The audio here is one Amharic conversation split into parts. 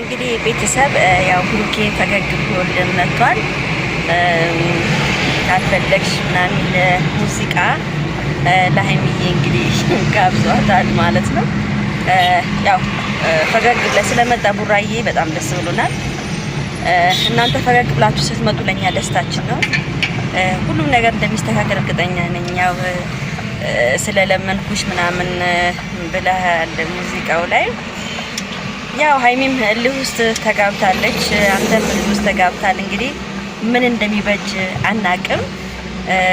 እንግዲህ ቤተሰብ ያው ብሩኬ ፈገግ ብሎ መጥቷል። ካልፈለግሽ ምናምን ሙዚቃ ለሀይሚዬ እንግዲህ ጋብዟታል ማለት ነው። ያው ፈገግ ብለህ ስለመጣ ቡራዬ በጣም ደስ ብሎናል። እናንተ ፈገግ ብላችሁ ስትመጡ ለእኛ ደስታችን ነው። ሁሉም ነገር እንደሚስተካከል እርግጠኛ ነኝ። ያው ስለለመንኩሽ ምናምን ብለሃል ሙዚቃው ላይ ያው ሀይሚም እልህ ውስጥ ተጋብታለች፣ አንተም እልህ ውስጥ ተጋብታል። እንግዲህ ምን እንደሚበጅ አናቅም።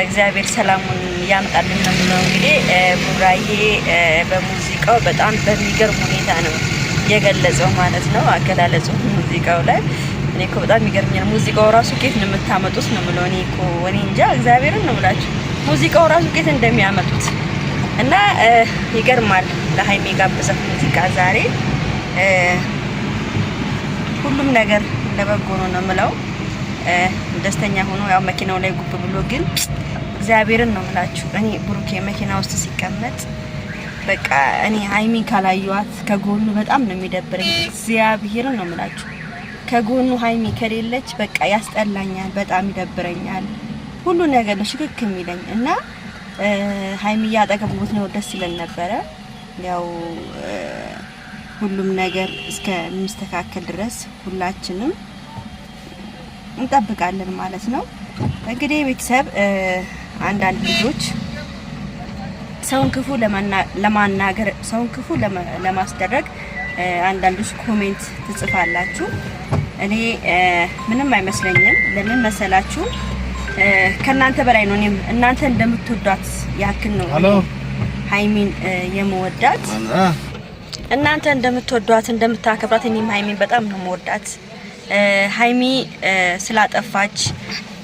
እግዚአብሔር ሰላሙን ያምጣልን ነው የምለው። እንግዲህ ቡራዬ በሙዚቃው በጣም በሚገርም ሁኔታ ነው የገለጸው ማለት ነው። አገላለጹ ሙዚቃው ላይ እኔ እኮ በጣም ይገርምኛል። ሙዚቃው ራሱ ኬት ነው የምታመጡት ነው የምለው። እኔ እኮ እኔ እንጃ እግዚአብሔርን ነው የምላችሁ። ሙዚቃው ራሱ ኬት እንደሚያመጡት እና ይገርማል። ለሀይሜ ጋብዘው ሙዚቃ ዛሬ ሁሉም ነገር ለበጎ ነው ነው የምለው። ደስተኛ ሆኖ ያው መኪናው ላይ ጉብ ብሎ ግን እግዚአብሔርን ነው የምላችሁ። እኔ ብሩኬ መኪና ውስጥ ሲቀመጥ በቃ እኔ ሀይሚ ካላየኋት ከጎኑ በጣም ነው የሚደብረኝ። እግዚአብሔርን ነው የምላችሁ። ከጎኑ ሀይሚ ከሌለች በቃ ያስጠላኛል፣ በጣም ይደብረኛል። ሁሉ ነገር ነው ሽክክ የሚለኝ እና ሀይሚያ አጠገብ ነው ደስ ይለን ነበረ ያው ሁሉም ነገር እስከሚስተካከል ድረስ ሁላችንም እንጠብቃለን ማለት ነው። እንግዲህ ቤተሰብ አንዳንድ ልጆች ሰውን ክፉ ለማናገር ሰውን ክፉ ለማስደረግ አንዳንዶች ኮሜንት ትጽፋላችሁ። እኔ ምንም አይመስለኝም። ለምን መሰላችሁ? ከእናንተ በላይ ነው። እኔም እናንተ እንደምትወዷት ያክል ነው ሀይሚን የመወዳት እናንተ እንደምትወዷት እንደምታከብራት፣ እኔም ሀይሚን በጣም ነው የምወዳት። ሀይሚ ስላጠፋች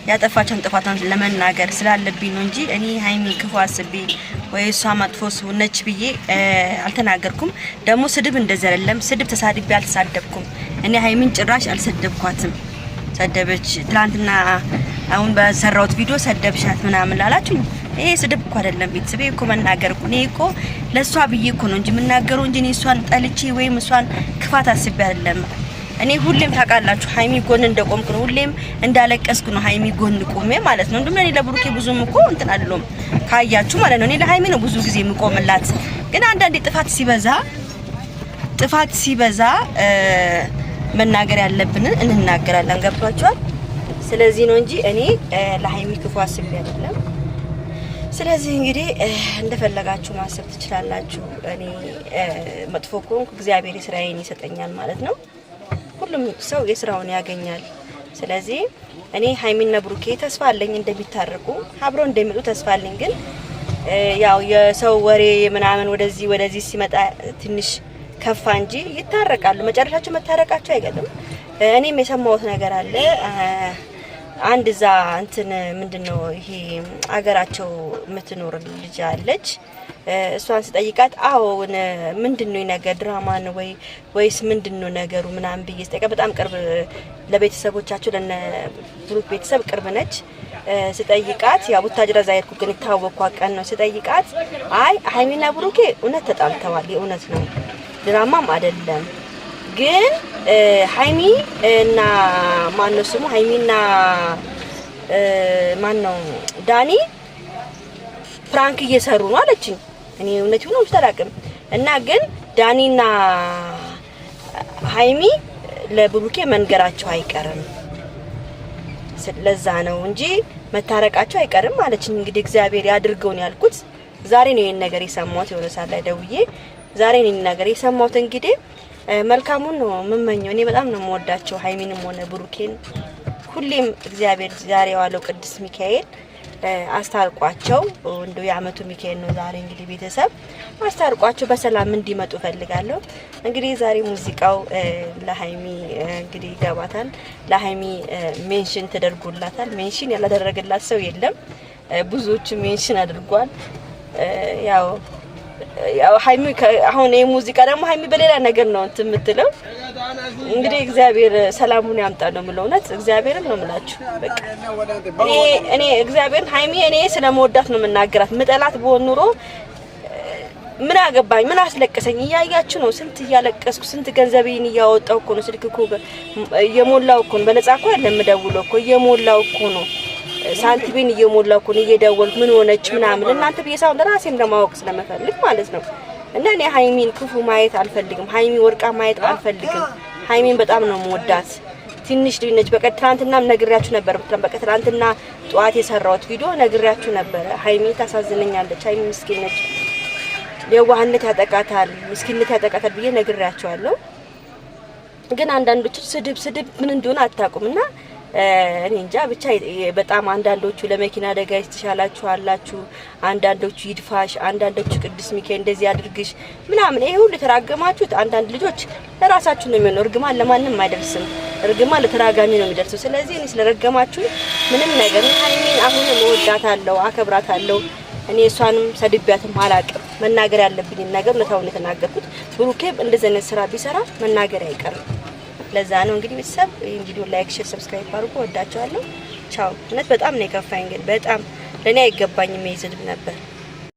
ያጠፋቸውን ጥፋቷን ለመናገር ስላለብኝ ነው እንጂ እኔ ሀይሚ ክፉ አስቤ ወይ እሷ መጥፎ ነች ብዬ አልተናገርኩም። ደግሞ ስድብ እንደዚህ አይደለም። ስድብ ተሳድቤ አልተሳደብኩም። እኔ ሀይሚን ጭራሽ አልሰደብኳትም። ሰደበች ትላንትና አሁን በሰራሁት ቪዲዮ ሰደብሻት ምናምን ላላችሁ ይሄ ስድብ እኮ አይደለም። ቤተሰቤ እኮ መናገር እኮ እኔ እኮ ለእሷ ብዬ እኮ ነው እንጂ የምናገረው እንጂ እኔ እሷን ጠልቼ ወይም እሷን ክፋት አስቤ አይደለም። እኔ ሁሌም ታውቃላችሁ ሀይሚ ጎን እንደቆምኩ ነው፣ ሁሌም እንዳለቀስኩ ነው ሀይሚ ጎን ቆሜ ማለት ነው። እንዲሁም እኔ ለብሩኬ ብዙም እኮ እንትን አይደለም ካያችሁ ማለት ነው። እኔ ለሀይሚ ነው ብዙ ጊዜ የምቆምላት፣ ግን አንዳንዴ ጥፋት ሲበዛ ጥፋት ሲበዛ መናገር ያለብንን እንናገራለን። ገብቷችኋል? ስለዚህ ነው እንጂ እኔ ለሀይሚ ክፉ አስቤ አይደለም። ስለዚህ እንግዲህ እንደፈለጋችሁ ማሰብ ትችላላችሁ። እኔ መጥፎ ከሆንኩ እግዚአብሔር ስራዬን ይሰጠኛል ማለት ነው። ሁሉም ሰው የስራውን ያገኛል። ስለዚህ እኔ ሀይሚና ብሩኬ ተስፋ አለኝ እንደሚታረቁ አብሮ እንደሚመጡ ተስፋ አለኝ። ግን ያው የሰው ወሬ ምናምን ወደዚህ ወደዚህ ሲመጣ ትንሽ ከፋ እንጂ ይታረቃሉ። መጨረሻቸው መታረቃቸው አይገጥም። እኔም የሰማሁት ነገር አለ አንድ እዛ እንትን ምንድን ነው ይሄ አገራቸው የምትኖር ልጅ አለች። እሷን ስጠይቃት አዎ ምንድን ነው ነገር ድራማ ነው ወይ ወይስ ምንድን ነው ነገሩ ምናምን ብዬ ስጠይቃት በጣም ቅርብ ለቤተሰቦቻቸው ለነ ብሩክ ቤተሰብ ቅርብ ነች። ስጠይቃት ያው ቡታጅራ ዛይርኩ ግን ይታወቅኳ ቀን ነው ስጠይቃት አይ ሀይሚና ብሩኬ እውነት ተጣልተዋል የእውነት ነው ድራማም አይደለም ግን ሀይሚ እና ማነው ስሙ ሀይሚና ማነው ዳኒ ፕራንክ እየሰሩ ነው አለችኝ። እኔ እውነት ይሁን ውስጥ አላውቅም። እና ግን ዳኒና ሀይሚ ለብሩኬ መንገራቸው አይቀርም ለዛ ነው እንጂ መታረቃቸው አይቀርም ማለችኝ። እንግዲህ እግዚአብሔር ያድርገው ያልኩት። ዛሬ ነው ይሄን ነገር የሰማሁት። የሆነ ሰዓት ላይ ደውዬ ዛሬ ነው ይሄን ነገር የሰማሁት እንግዲህ መልካሙን ነው የምመኘው። እኔ በጣም ነው የምወዳቸው ሀይሚንም ሆነ ብሩኬን። ሁሌም እግዚአብሔር ዛሬ የዋለው ቅዱስ ሚካኤል አስታርቋቸው። እንዶ የአመቱ ሚካኤል ነው ዛሬ እንግዲህ ቤተሰብ አስታርቋቸው በሰላም እንዲመጡ ፈልጋለሁ። እንግዲህ ዛሬ ሙዚቃው ለሀይሚ እንግዲህ ይገባታል። ለሀይሚ ሜንሽን ተደርጎላታል። ሜንሽን ያላደረገላት ሰው የለም። ብዙዎቹ ሜንሽን አድርጓል ያው ሀይሚ አሁን ይህ ሙዚቃ ደግሞ ሀይሚ በሌላ ነገር ነው እንትን የምትለው። እንግዲህ እግዚአብሔር ሰላሙን ያምጣ ነው የምለው። እውነት እግዚአብሔርን ነው የምላችሁ። በቃ እኔ እግዚአብሔርን ሀይሚ እኔ ስለመወዳት ነው የምናገራት። ምጠላት ብሆን ኑሮ ምን አገባኝ? ምን አስለቀሰኝ? እያያችሁ ነው። ስንት እያለቀስኩ ስንት ገንዘቤን እያወጣው እኮ ነው። ስልክ እኮ እየሞላው እኮ ነው። በነፃ እኮ አይደለም የምደውለው እኮ እየሞላው እኮ ነው ሳንቲሜን እየሞላኩን እየደወልኩ ምን ሆነች ምናምን እናንተ ብዬ ሳይሆን ራሴን ለማወቅ ስለመፈልግ ማለት ነው። እና እኔ ሀይሚን ክፉ ማየት አልፈልግም። ሀይሚ ወርቃ ማየት አልፈልግም። ሀይሚን በጣም ነው የምወዳት። ትንሽ ልጅ ነች። በቃ ትናንትናም ነግሬያችሁ ነበር። በቃ ትናንትና ጠዋት የሰራሁት ቪዲዮ ነግሬያችሁ ነበረ። ሀይሚ ታሳዝነኛለች። ሀይሚ ምስኪን ነች። የዋህነት ያጠቃታል፣ ምስኪነት ያጠቃታል ብዬ ነግሬያችኋለሁ። ግን አንዳንዶች ስድብ ስድብ ምን እንደሆነ አታውቁም እና እኔ እንጃ ብቻ በጣም አንዳንዶቹ ለመኪና አደጋ ይስተሻላችሁ አላችሁ፣ አንዳንዶቹ ይድፋሽ፣ አንዳንዶቹ ቅዱስ ሚካኤል እንደዚህ አድርግሽ ምናምን ይሄ ሁሉ የተራገማችሁት አንዳንድ ልጆች ለራሳችሁ ነው የሚሆነው። እርግማን ለማንም አይደርስም። እርግማን ለተራጋሚ ነው የሚደርሰው። ስለዚህ እኔ ስለረገማችሁ ምንም ነገር ሀይሚን አሁን እወዳታለሁ፣ አከብራታለሁ። እኔ እሷንም ሰድቢያትም አላቅም። መናገር ያለብኝን ነገር ለታውን የተናገርኩት። ብሩኬም እንደዚህ አይነት ስራ ቢሰራ መናገር አይቀርም። ለዛ ነው እንግዲህ ቤተሰብ ቪዲዮ ላይክ፣ ሼር፣ ሰብስክራይብ አድርጉ። ወዳቸዋለሁ። ቻው። እውነት በጣም ነው የከፋኝ፣ ግን በጣም ለእኔ አይገባኝም የይዝድብ ነበር